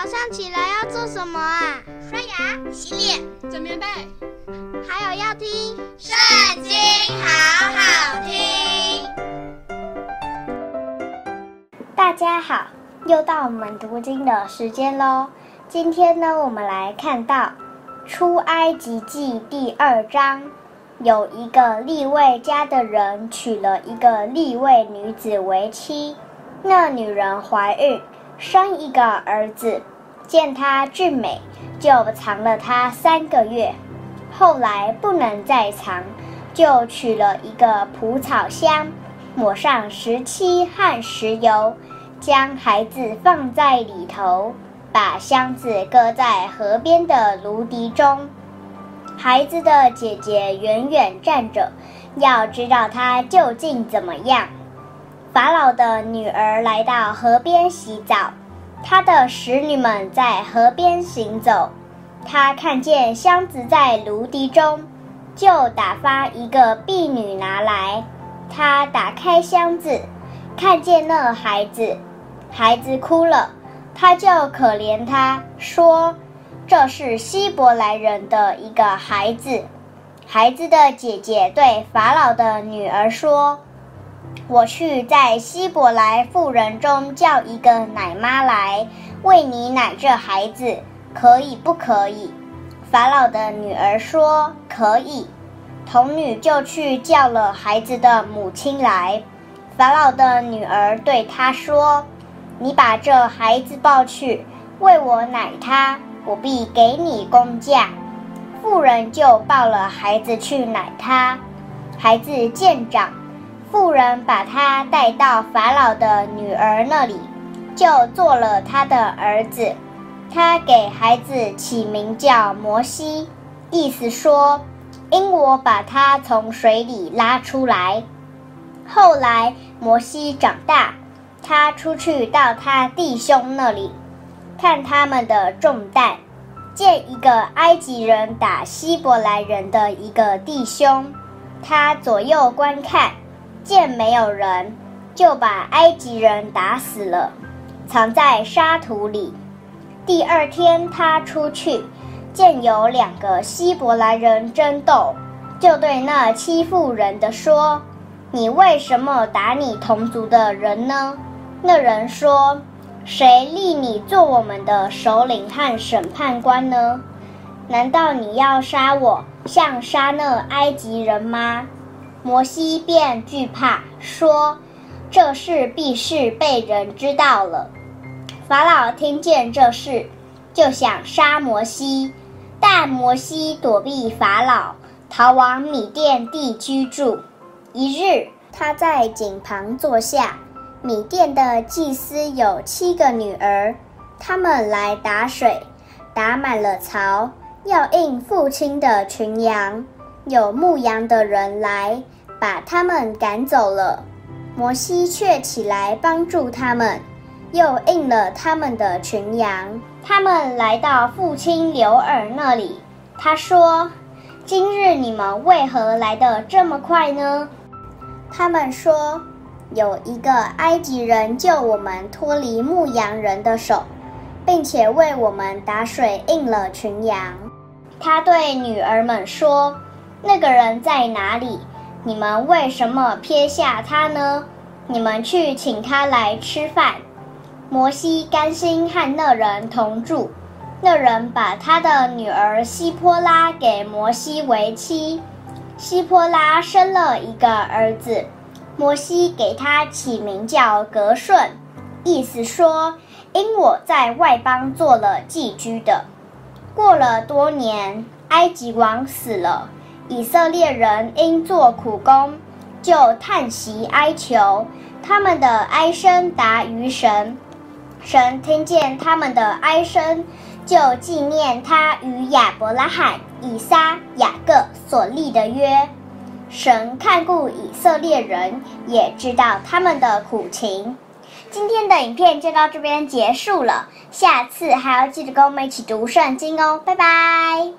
早上起來要做什麼啊？刷牙、洗臉、整棉被，還有要聽《聖經》，好好聽。大家好，又到我們讀經的時間嘍。今天呢，我們來看到《出埃及記》第二章，有一個利未家的人娶了一個利未女子為妻，那女人懷孕。生一個兒子，見他俊美，就藏了他三個月。後來不能再藏，就取了一個蒲草箱，抹上石漆和石油，將孩子放在裡頭，把箱子擱在河邊的蘆荻中。孩子的姐姐遠遠站着，要知道他究竟怎麼樣。法老的女兒來到河邊洗澡，她的使女們在河邊行走。她看見箱子在蘆荻中，就打發一個婢女拿來。她打開箱子，看見那孩子，孩子哭了，她就可憐他說：“這是希伯來人的一個孩子。”孩子的姐姐對法老的女兒說。我去在希伯來婦人中叫一個奶媽來，為你奶這孩子，可以不可以？法老的女兒說可以。童女就去叫了孩子的母親來。法老的女兒對她說：“你把這孩子抱去，為我奶他，我必給你工價。”婦人就抱了孩子去奶他。孩子漸長，婦人把他帶到法老的女兒那裡，就做了他的兒子。他給孩子起名叫摩西，意思說：“因我把他從水裡拉出來。”後來，摩西長大，他出去到他弟兄那裡，看他們的重擔，見一個埃及人打希伯來人的一個弟兄，他左右觀看。見沒有人，就把埃及人打死了，藏在沙土裡。第二天他出去，見有兩個希伯來人爭鬥，就對那欺負人的說：“你為什麼打你同族的人呢？”那人說：“誰立你做我們的首領和審判官呢？難道你要殺我，像殺那埃及人嗎？”摩西便懼怕，說：“這事必是被人知道了。”法老聽見這事，就想殺摩西，但摩西躲避法老，逃往米店甸地居住。一日，他在井旁坐下，米甸的祭司有七個女兒，她們來打水，打滿了槽，要飲父親的群羊。有牧羊的人來，把他們趕走了，摩西卻起來幫助他們，又飲了他們的群羊。他們來到父親流珥那裡，他說：“今日你們為何來得這麼快呢？”他們說：“有一個埃及人救我們脫離牧羊人的手，並且為我們打水飲了群羊。”他對女兒們說。那個人在哪裡？你們為什麼撇下他呢？你們去請他來吃飯。摩西甘心和那人同住。那人把他的女兒西坡拉給摩西為妻。西坡拉生了一個兒子，摩西給他起名叫革舜，意思說，因我在外邦做了寄居的。過了多年，埃及王死了。以色列人因做苦工，就嘆息哀求，他們的哀聲達於神。神聽見他們的哀聲，就紀念他與亞伯拉罕、以撒、雅各所立的約。神看顧以色列人，也知道他們的苦情。今天的影片就到這邊結束了，下次還要記得跟我們一起讀聖經哦，拜拜。